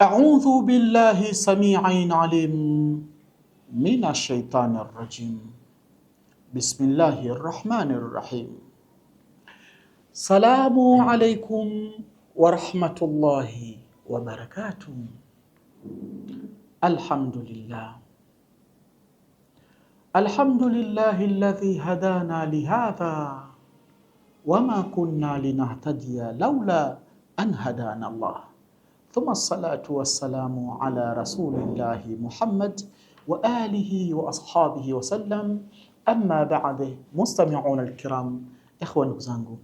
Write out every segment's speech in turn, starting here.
أعوذ بالله سميع عليم من الشيطان الرجيم بسم الله الرحمن الرحيم سلام عليكم ورحمة الله وبركاته الحمد لله الحمد لله الذي هدانا لهذا وما كنا لنهتدي لولا أن هدانا الله Thumma salatu wassalamu ala rasulillahi Muhammad wa alihi wa ashabihi wasallam. Amma baadhi, mustamiuna alkiram, ikhwa, ndugu zangu,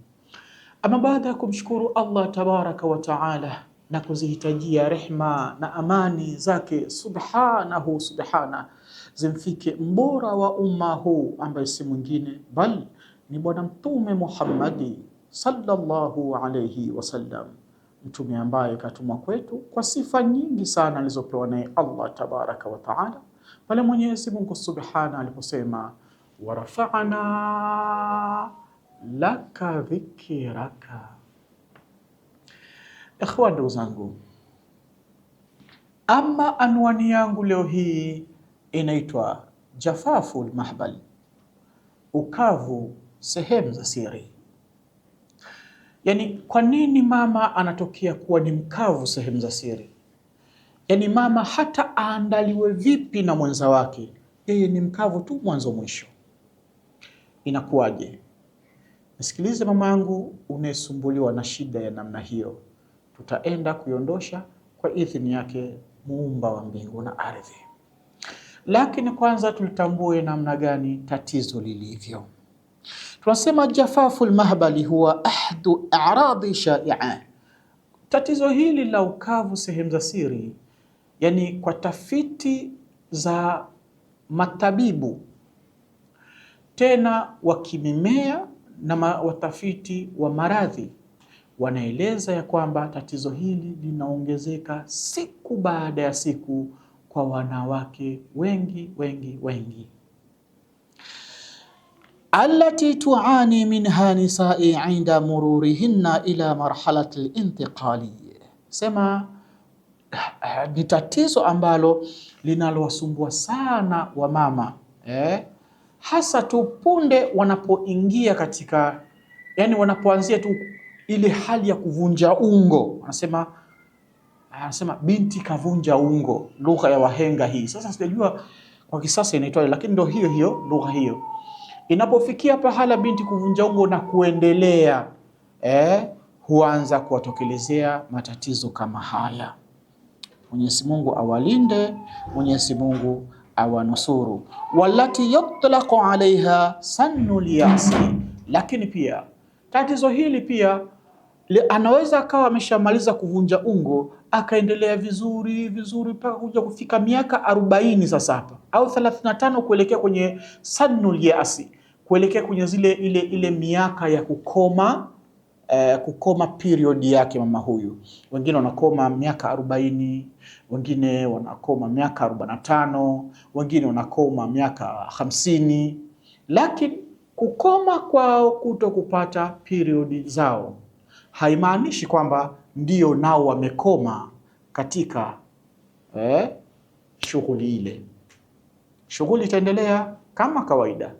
ama baada ya kumshukuru Allah tabaraka wa taala na kuzihitajia rehma na amani zake subhanahu subhana zimfike mbora wa umma huu ambaye si mwingine bali ni Bwana Mtume Muhammadi sallallahu alayhi wasallam mtume ambaye katumwa kwetu kwa sifa nyingi sana alizopewa naye Allah tabaraka wa taala, pale Mwenyezi Mungu subhana aliposema warafana laka dhikiraka. Ikhwan, ndugu zangu, ama anwani yangu leo hii inaitwa Jafafu mahbal, ukavu sehemu za siri. Yaani, kwa nini mama anatokea kuwa ni mkavu sehemu za siri? Yaani mama hata aandaliwe vipi na mwenza wake, yeye ni mkavu tu mwanzo mwisho. Inakuwaje? Nisikilize mama yangu unayesumbuliwa na shida ya namna hiyo, tutaenda kuiondosha kwa idhini yake muumba wa mbingu na ardhi. Lakini kwanza tulitambue namna gani tatizo lilivyo. Tunasema jafafu lmahbali huwa ahdu aradi shaia, tatizo hili la ukavu sehemu za siri, yani kwa tafiti za matabibu tena wa kimimea na watafiti wa maradhi wanaeleza ya kwamba tatizo hili linaongezeka siku baada ya siku kwa wanawake wengi wengi wengi allati tuani minha nisai inda mururihinna ila marhalati lintiqaliya. Sema eh, ni tatizo ambalo linalowasumbua sana wamama eh? hasa tu punde wanapoingia katika yani, wanapoanzia tu ile hali ya kuvunja ungo, anasema anasema binti kavunja ungo, lugha ya wahenga hii. Sasa sijajua kwa kisasa inaitwaje, lakini ndio hiyo hiyo lugha hiyo Inapofikia pahala binti kuvunja ungo na kuendelea eh, huanza kuwatokelezea matatizo kama haya Mwenyezi Mungu awalinde, Mwenyezi Mungu awanusuru. Walati yutlaqu alaiha sannul yasi, lakini pia tatizo hili pia le, anaweza akawa ameshamaliza kuvunja ungo akaendelea vizuri vizuri mpaka kuja kufika miaka arobaini sasa hapa au 35 kuelekea kwenye sannul yasi kuelekea kwenye zile ile ile miaka ya kukoma eh, kukoma period yake mama huyu. Wengine wanakoma miaka 40, wengine wanakoma miaka 45, wengine wanakoma miaka 50, lakini kukoma kwao kuto kupata period zao haimaanishi kwamba ndio nao wamekoma katika eh, shughuli ile. Shughuli itaendelea kama kawaida.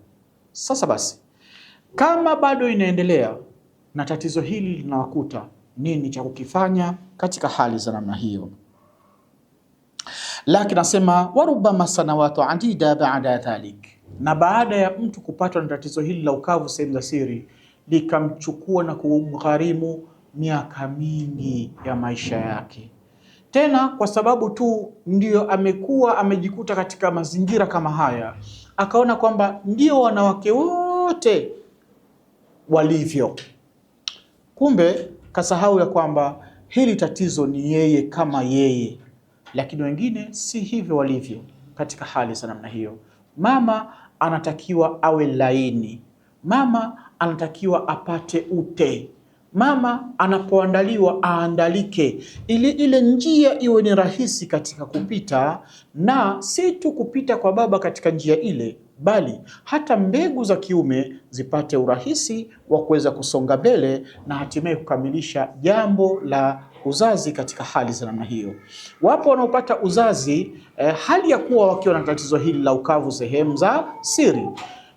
Sasa basi, kama bado inaendelea na tatizo hili linawakuta, nini cha kukifanya katika hali za namna hiyo? Lakini nasema warubama sanawatu adida baada dhalik, na baada ya mtu kupatwa na tatizo hili la ukavu sehemu za siri likamchukua na kumgharimu miaka mingi ya maisha yake, tena kwa sababu tu ndiyo amekuwa amejikuta katika mazingira kama haya akaona kwamba ndio wanawake wote walivyo. Kumbe kasahau ya kwamba hili tatizo ni yeye kama yeye, lakini wengine si hivyo walivyo. Katika hali za namna hiyo, mama anatakiwa awe laini, mama anatakiwa apate ute mama anapoandaliwa aandalike, ili ile njia iwe ni rahisi katika kupita, na si tu kupita kwa baba katika njia ile, bali hata mbegu za kiume zipate urahisi wa kuweza kusonga mbele na hatimaye kukamilisha jambo la uzazi katika hali za namna hiyo. Wapo wanaopata uzazi eh, hali ya kuwa wakiwa na tatizo hili la ukavu sehemu za siri.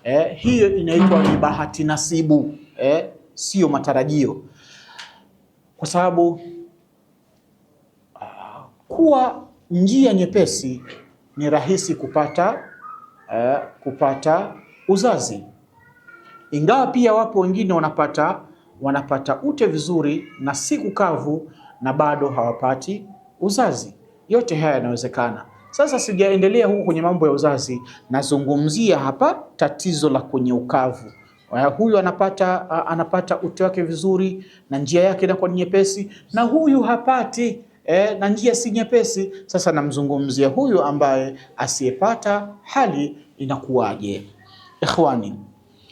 Eh, hiyo inaitwa ni bahati nasibu eh, sio matarajio kwa sababu ah, kuwa njia nyepesi ni rahisi kupata uh, kupata uzazi, ingawa pia wapo wengine wanapata wanapata ute vizuri na si kukavu na bado hawapati uzazi. Yote haya yanawezekana. Sasa sijaendelea huku kwenye mambo ya uzazi, nazungumzia hapa tatizo la kwenye ukavu. Uh, huyu anapata uh, anapata ute wake vizuri na njia yake inakuwa ni nyepesi, na huyu hapati eh, na njia si nyepesi. Sasa namzungumzia huyu ambaye asiyepata, hali inakuwaje? Ikhwani,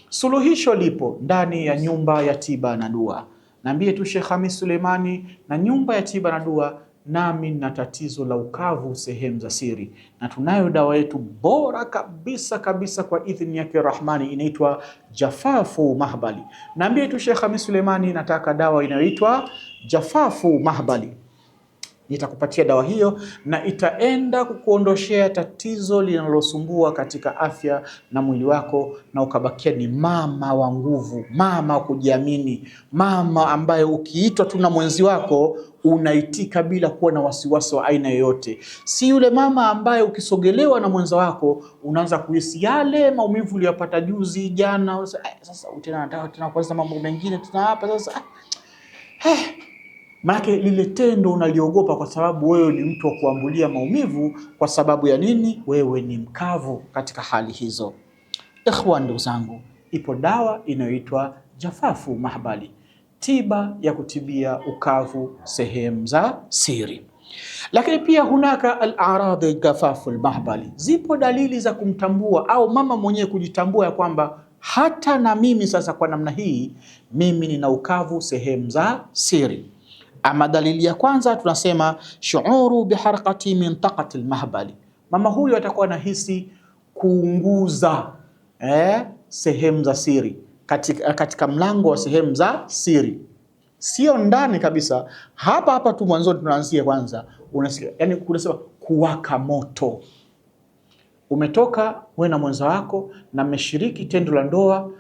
suluhisho lipo ndani ya nyumba ya tiba na dua. Naambie tu Sheikh Hamis Suleimani na nyumba ya tiba na dua nami na tatizo la ukavu sehemu za siri, na tunayo dawa yetu bora kabisa kabisa kwa idhini yake Rahmani, inaitwa Jafafu Mahbali. Naambia tu Sheikh Hamis Sulemani, nataka dawa inayoitwa Jafafu Mahbali itakupatia dawa hiyo na itaenda kukuondoshea tatizo linalosumbua katika afya na mwili wako, na ukabakia ni mama wa nguvu, mama wa kujiamini, mama ambaye ukiitwa tu na mwenzi wako unaitika bila kuwa na wasiwasi wa aina yoyote. Si yule mama ambaye ukisogelewa na mwenza wako unaanza kuhisi yale maumivu uliyopata juzi jana. Eh, sasa tena nataka tena kuanza mambo mengine tena hapa sasa, ah, eh Maanake lile tendo unaliogopa kwa sababu wewe ni mtu wa kuambulia maumivu. Kwa sababu ya nini? Wewe ni mkavu katika hali hizo. Ikhwan, ndugu zangu, ipo dawa inayoitwa Jafafu Mahbali, tiba ya kutibia ukavu sehemu za siri. Lakini pia hunaka al-aradhi Jafafu Mahbali, zipo dalili za kumtambua au mama mwenyewe kujitambua ya kwamba hata na mimi sasa, kwa namna hii, mimi nina ukavu sehemu za siri. Ama dalili ya kwanza tunasema shuuru biharqati mintaqati lmahbali, mama huyu atakuwa anahisi kuunguza eh, sehemu za siri katika, katika mlango wa sehemu za siri, sio ndani kabisa. Hapa hapa tu mwanzo tunaanzia kwanza, unasikia yani kunasema kuwaka moto. Umetoka we na mwenza wako na mmeshiriki tendo la ndoa,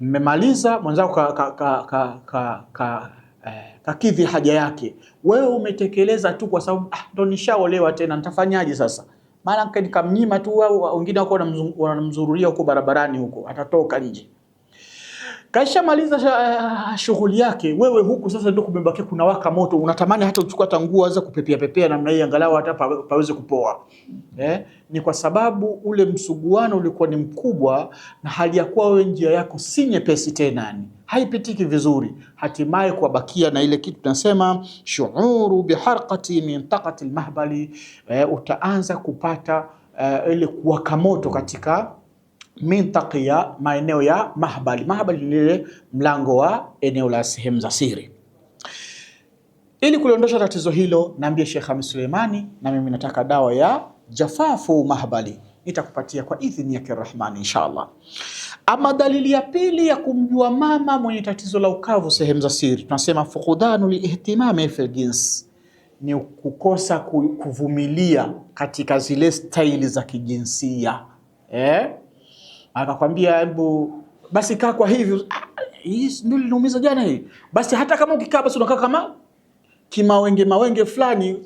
mmemaliza, mwenzako ka, ka, ka, ka, ka eh, kakidhi haja yake. Wewe umetekeleza tu kwa sababu ah, ndo nishaolewa tena nitafanyaje sasa? Maana nikamnyima tu, wengine wako wanamzururia huko barabarani huko, atatoka nje Kaisha kaishamaliza uh, ah, shughuli yake. Wewe huku sasa ndio kumebaki kuna waka moto, unatamani hata uchukua tangua aanze kupepea pepea namna hii, angalau hata pa, paweze kupoa eh? Ni kwa sababu ule msuguano ulikuwa ni mkubwa na hali ya kuwa wewe njia yako si nyepesi tena yani haipitiki vizuri, hatimaye kuwabakia na ile kitu tunasema shuuru biharqati mintaqati almahbali. E, utaanza kupata e, ile kuwaka moto katika mintaka ya maeneo ya mahbali. Mahbali ni ile mlango wa eneo la sehemu za siri. Ili kuliondosha tatizo hilo, naambia Sheikh Hamis Suleimani, na mimi nataka dawa ya jafafu mahbali, nitakupatia kwa idhini yake Rahmani inshallah. Ama dalili ya pili ya kumjua mama mwenye tatizo la ukavu sehemu za siri, tunasema fuqudanu liihtimami fil jins, ni kukosa kuvumilia katika zile staili za kijinsia eh? Akakwambia hebu basi kaa kwa hivyo, ah, hii ndio linaumiza jana hii, basi hata kama ukikaa basi unakaa kama kimawenge mawenge fulani,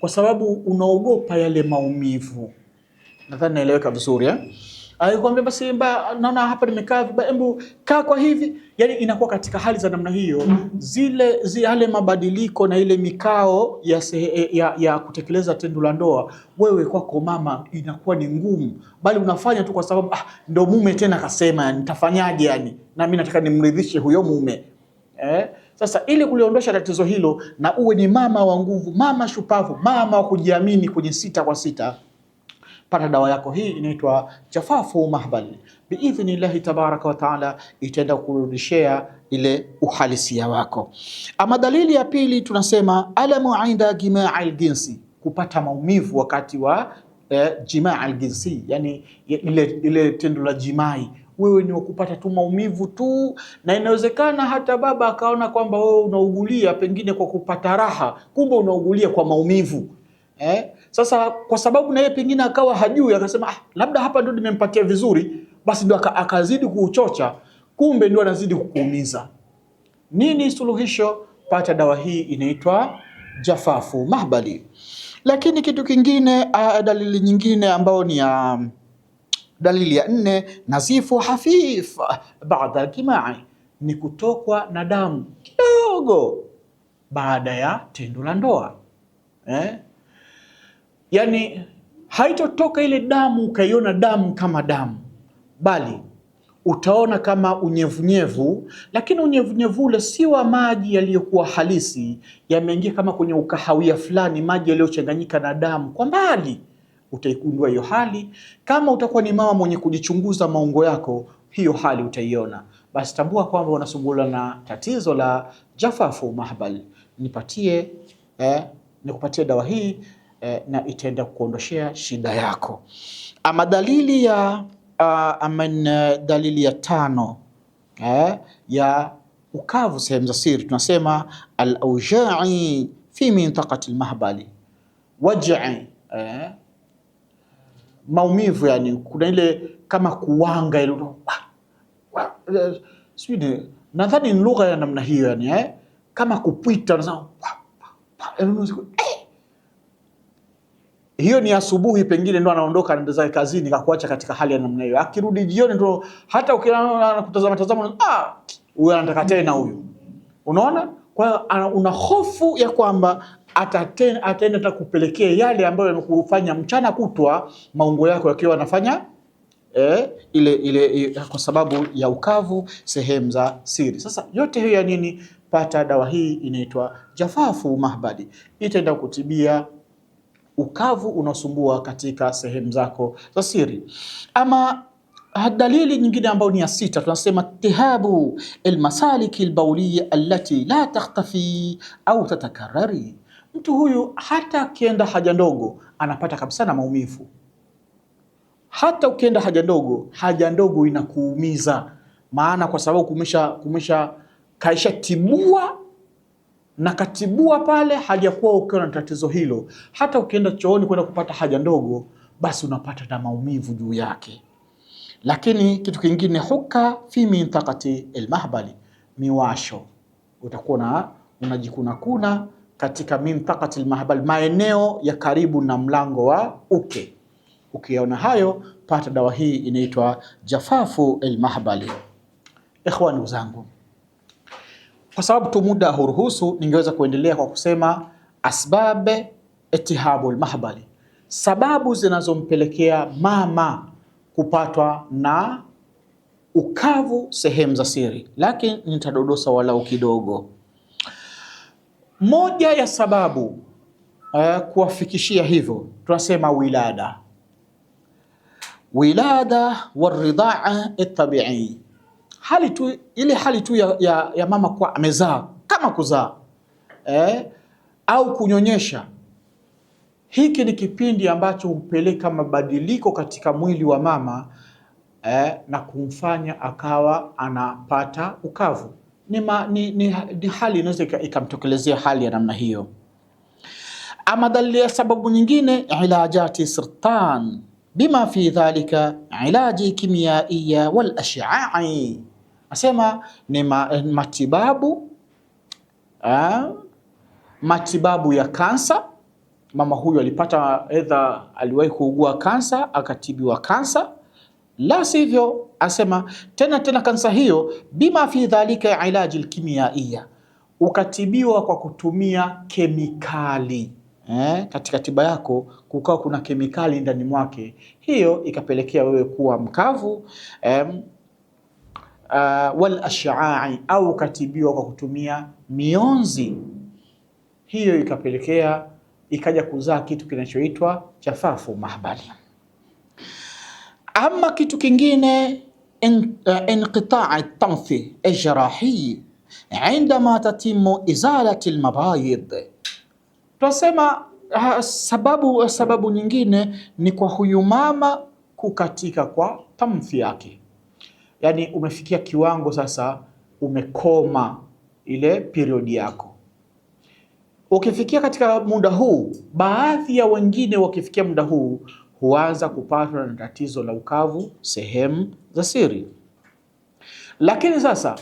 kwa sababu unaogopa yale maumivu. Nadhani naeleweka vizuri eh? Alikwambia basi mba, naona hapa nimekaa vibaya, hebu kaa kwa hivi. Yani inakuwa katika hali za namna hiyo mm. Zile zile mabadiliko na ile mikao ya, sehe, e, ya, ya kutekeleza tendo la ndoa, wewe kwako mama inakuwa ni ngumu, bali unafanya tu kwa sababu ah, ndo mume tena kasema, nitafanyaje? Yani na mimi nataka nimridhishe huyo mume eh? Sasa ili kuliondosha tatizo hilo na uwe ni mama wa nguvu, mama shupavu, mama wa kujiamini kwenye sita kwa sita pata dawa yako hii inaitwa Jafafu Mahbal, biidhnillahi tabaraka wa taala, itaenda kurudishia ile uhalisia wako. Ama dalili ya pili tunasema alamu inda jimaa aljinsi, kupata maumivu wakati wa eh, jimaa aljinsi, yani ile, ile tendo la jimai wewe ni wakupata tu maumivu tu, na inawezekana hata baba akaona kwamba wewe unaugulia pengine kwa kupata raha, kumbe unaugulia kwa maumivu eh? Sasa kwa sababu na yeye pengine akawa hajui, akasema ah, labda hapa ndio nimempatia vizuri, basi ndio akazidi kuuchocha, kumbe ndio anazidi kukuumiza. Nini suluhisho? Pata dawa hii inaitwa Jafafu Mahbali. Lakini kitu kingine, uh, dalili nyingine ambayo ni ya dalili ya nne, nazifu hafif baada alkimai, ni kutokwa na damu kidogo baada ya tendo la ndoa eh? yani haitotoka ile damu ukaiona damu kama damu, bali utaona kama unyevunyevu, lakini unyevunyevu ule si wa maji yaliyokuwa halisi, yameingia kama kwenye ukahawia fulani, maji yaliyochanganyika na damu. Kwa mbali utaigundua hiyo hali. Kama utakuwa ni mama mwenye kujichunguza maungo yako, hiyo hali utaiona. Basi tambua kwamba unasumbuliwa na tatizo la jafafu mahbal. Nipatie eh, nikupatie dawa hii eh, na itaenda kuondoshea shida yako. Ama dalili ya uh, ah, amen, dalili ya tano eh, ya ukavu sehemu za siri tunasema al-aujai fi mintaqati al-mahbali waj'i, eh, maumivu yani, kuna ile kama kuwanga ile sijui, nadhani ni lugha ya namna hiyo yani, eh, kama kupwita unasema eh, hiyo ni asubuhi, pengine ndo anaondoka anaenda zake kazini, kakuacha katika hali ya namna hiyo. Akirudi jioni ndo hata ukiona kutazama tazama, ah, huyo anataka tena huyo, unaona. Kwa hiyo una hofu ya kwamba ataenda ata kupelekea yale ambayo yamekufanya mchana kutwa maungo yako yakiwa anafanya eh, ile, ile, ile kwa sababu ya ukavu sehemu za siri. Sasa yote hiyo ya nini? Pata dawa hii inaitwa Jafafu Mahbadi, itaenda kutibia ukavu unaosumbua katika sehemu zako za siri. Ama dalili nyingine ambayo ni ya sita, tunasema tihabu almasaliki albauliya allati la takhtafi au tatakarari. Mtu huyu hata akienda haja ndogo anapata kabisa na maumivu. Hata ukienda haja ndogo, haja ndogo inakuumiza, maana kwa sababu kumesha kumesha kaisha timua na katibua pale, kuwa ukiwa na tatizo hilo. Hata ukienda chooni kwenda kupata haja ndogo, basi unapata na maumivu juu yake. Lakini kitu kingine, huka fi mintakati almahbali, miwasho, utakuwa na unajikunakuna katika mintakati almahbali, maeneo ya karibu na mlango wa uke. Ukiona hayo, pata dawa hii inaitwa jafafu almahbali. Ikhwani zangu kwa sababu tu muda huruhusu, ningeweza kuendelea kwa kusema asbab itihabul mahbali, sababu zinazompelekea mama kupatwa na ukavu sehemu za siri, lakini nitadodosa walau kidogo. Moja ya sababu uh, kuwafikishia hivyo tunasema wilada, wilada waridhaa tabiii hali tu ile hali tu ya, ya, ya mama kuwa amezaa kama kuzaa eh, au kunyonyesha. Hiki ni kipindi ambacho hupeleka mabadiliko katika mwili wa mama eh, na kumfanya akawa anapata ukavu. Ni, ma, ni, ni, ni hali inaweza ikamtokelezea hali ya namna hiyo. Ama dalili ya sababu nyingine, ilajati sirtan bima fi dhalika ilaji kimiaiya wal ash'a'i Asema ni ma, matibabu eh, matibabu ah, ya kansa. Mama huyu alipata edha, aliwahi kuugua kansa akatibiwa kansa, la sivyo asema tena tena kansa hiyo, bima fi dhalika ilaji lkimiaia, ukatibiwa kwa kutumia kemikali eh, katika tiba yako kukawa kuna kemikali ndani mwake, hiyo ikapelekea wewe kuwa mkavu eh, uh, wal ash'a'i au katibiwa kwa kutumia mionzi. Hiyo ikapelekea ikaja kuzaa kitu kinachoitwa chafafu mahbali. Ama kitu kingine uh, inqitai at-tanfi al indama tatimu izalati lmabayid twasema uh, sababu, sababu nyingine ni kwa huyu mama kukatika kwa tamthi yake yani umefikia kiwango sasa, umekoma ile periodi yako. Ukifikia katika muda huu, baadhi ya wengine wakifikia muda huu huanza kupatwa na tatizo la ukavu sehemu za siri. Lakini sasa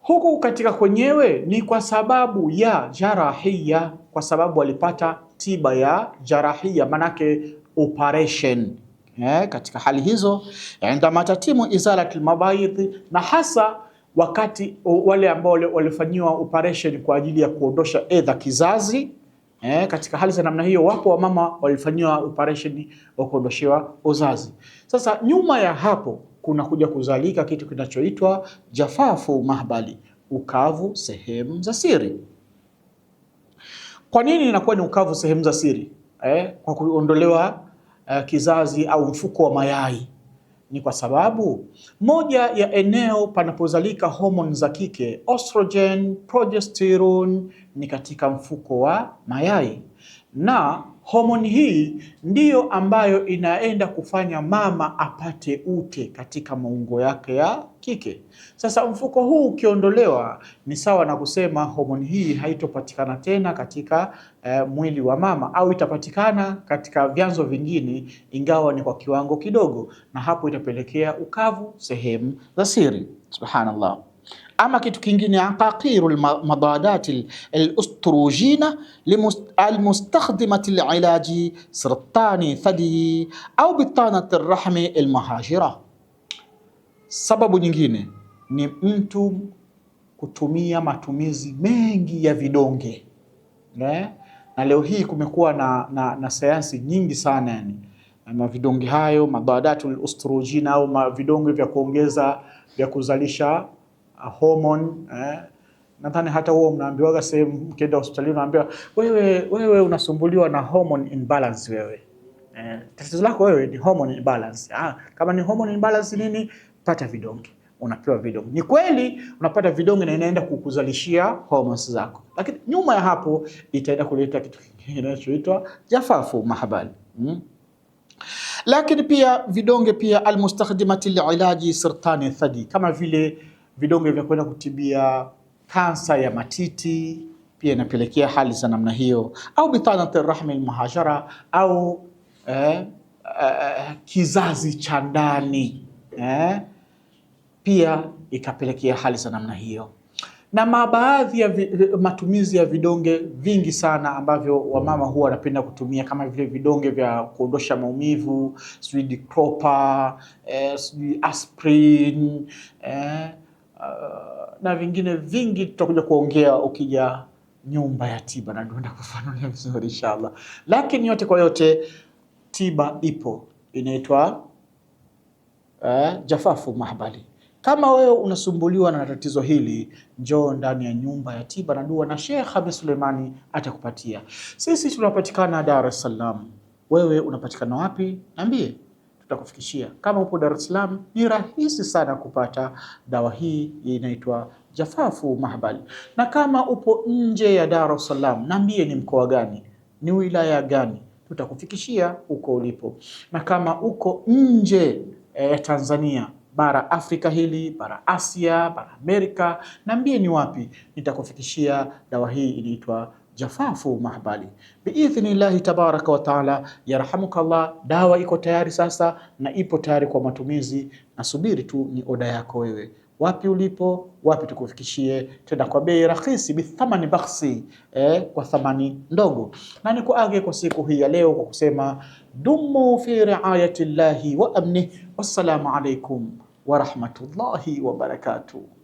huku katika kwenyewe ni kwa sababu ya jarahia, kwa sababu walipata tiba ya jarahia, manake operation Eh, katika hali hizo indama yaani tatimu izalat almabaidhi, na hasa wakati wale ambao walifanyiwa operation kwa ajili ya kuondosha edha kizazi eh, katika hali za namna hiyo, wapo wamama walifanyiwa operation wa kuondoshewa uzazi. Sasa nyuma ya hapo kuna kuja kuzalika kitu kinachoitwa jafafu mahbali, ukavu sehemu za siri. Kwa nini inakuwa ni ukavu sehemu za siri eh, kwa kuondolewa uh, kizazi au mfuko wa mayai ni kwa sababu moja ya eneo panapozalika homoni za kike estrogen, progesterone ni katika mfuko wa mayai, na homoni hii ndiyo ambayo inaenda kufanya mama apate ute katika maungo yake ya kike. Sasa mfuko huu ukiondolewa ni sawa na kusema homoni hii haitopatikana tena katika eh, mwili wa mama au itapatikana katika vyanzo vingine ingawa ni kwa kiwango kidogo, na hapo itapelekea ukavu sehemu za siri. Subhanallah. Ama kitu kingine aqaqiru lmadadati lustrujina almustakhdimati lilaji sirtani thadii au bitanati rahmi lmahajira Sababu nyingine ni mtu kutumia matumizi mengi ya vidonge ne? Eh? na leo hii kumekuwa na, na, na sayansi nyingi sana yani na vidonge hayo mabadatul estrogen au vidonge vya kuongeza vya kuzalisha uh, hormone eh. Nadhani hata huo mnaambiwaga sehemu, mkienda hospitali unaambiwa wewe, wewe unasumbuliwa na hormone imbalance wewe eh, tatizo lako wewe ni hormone imbalance. Ah, kama ni hormone imbalance nini pata vidonge unapewa vidonge. Ni kweli unapata vidonge na inaenda kukuzalishia hormones zako, lakini nyuma ya hapo itaenda kuleta kitu kinachoitwa jafafu mahabali hmm? Lakini pia vidonge pia almustakhdimati lilaji sirtani thadi, kama vile vidonge vya kwenda kutibia kansa ya matiti pia inapelekea hali za namna hiyo, au bitanati rahmi almuhajara au eh, eh, kizazi cha ndani eh, pia ikapelekea hali za namna hiyo na mabaadhi ya vi, matumizi ya vidonge vingi sana ambavyo wamama huwa wanapenda kutumia kama vile vidonge vya kuondosha maumivu, sijui diclofenac, eh, sijui aspirin eh, uh, na vingine vingi tutakuja kuongea ukija nyumba ya tiba na ndio kufanulia vizuri inshallah. Lakini yote kwa yote tiba ipo inaitwa eh, Jafafu Mahbali. Kama wewe unasumbuliwa na tatizo hili, njoo ndani ya nyumba ya tiba na dua na Sheikh Khamis Suleimani atakupatia. Sisi tunapatikana Dar es Salaam. Wewe unapatikana wapi? Niambie, tutakufikishia. Kama upo Dar es Salaam, ni rahisi sana kupata dawa hii, inaitwa Jafafu Mahbal. Na kama upo nje ya Dar es Salaam, niambie ni mkoa gani, ni wilaya gani, tutakufikishia huko ulipo. Na kama uko nje ya eh, Tanzania bara Afrika hili, bara Asia, bara Amerika, mbie ni wapi nitakufikishia dawa hii inaitwa Jafafu Mahbali biidhnillahi tabaraka wa taala, yarhamukallah. Dawa iko tayari sasa na ipo tayari kwa matumizi, nasubiri tu ni oda yako wewe wapi ulipo, wapi tukufikishie, tena kwa bei rahisi, bithamani bakhsi, eh, kwa thamani ndogo. Na nikuage kwa siku hii ya leo kwa kusema dumu fi riayati llahi wa amnih. Wassalamu alaikum wa rahmatullahi wa barakatuh.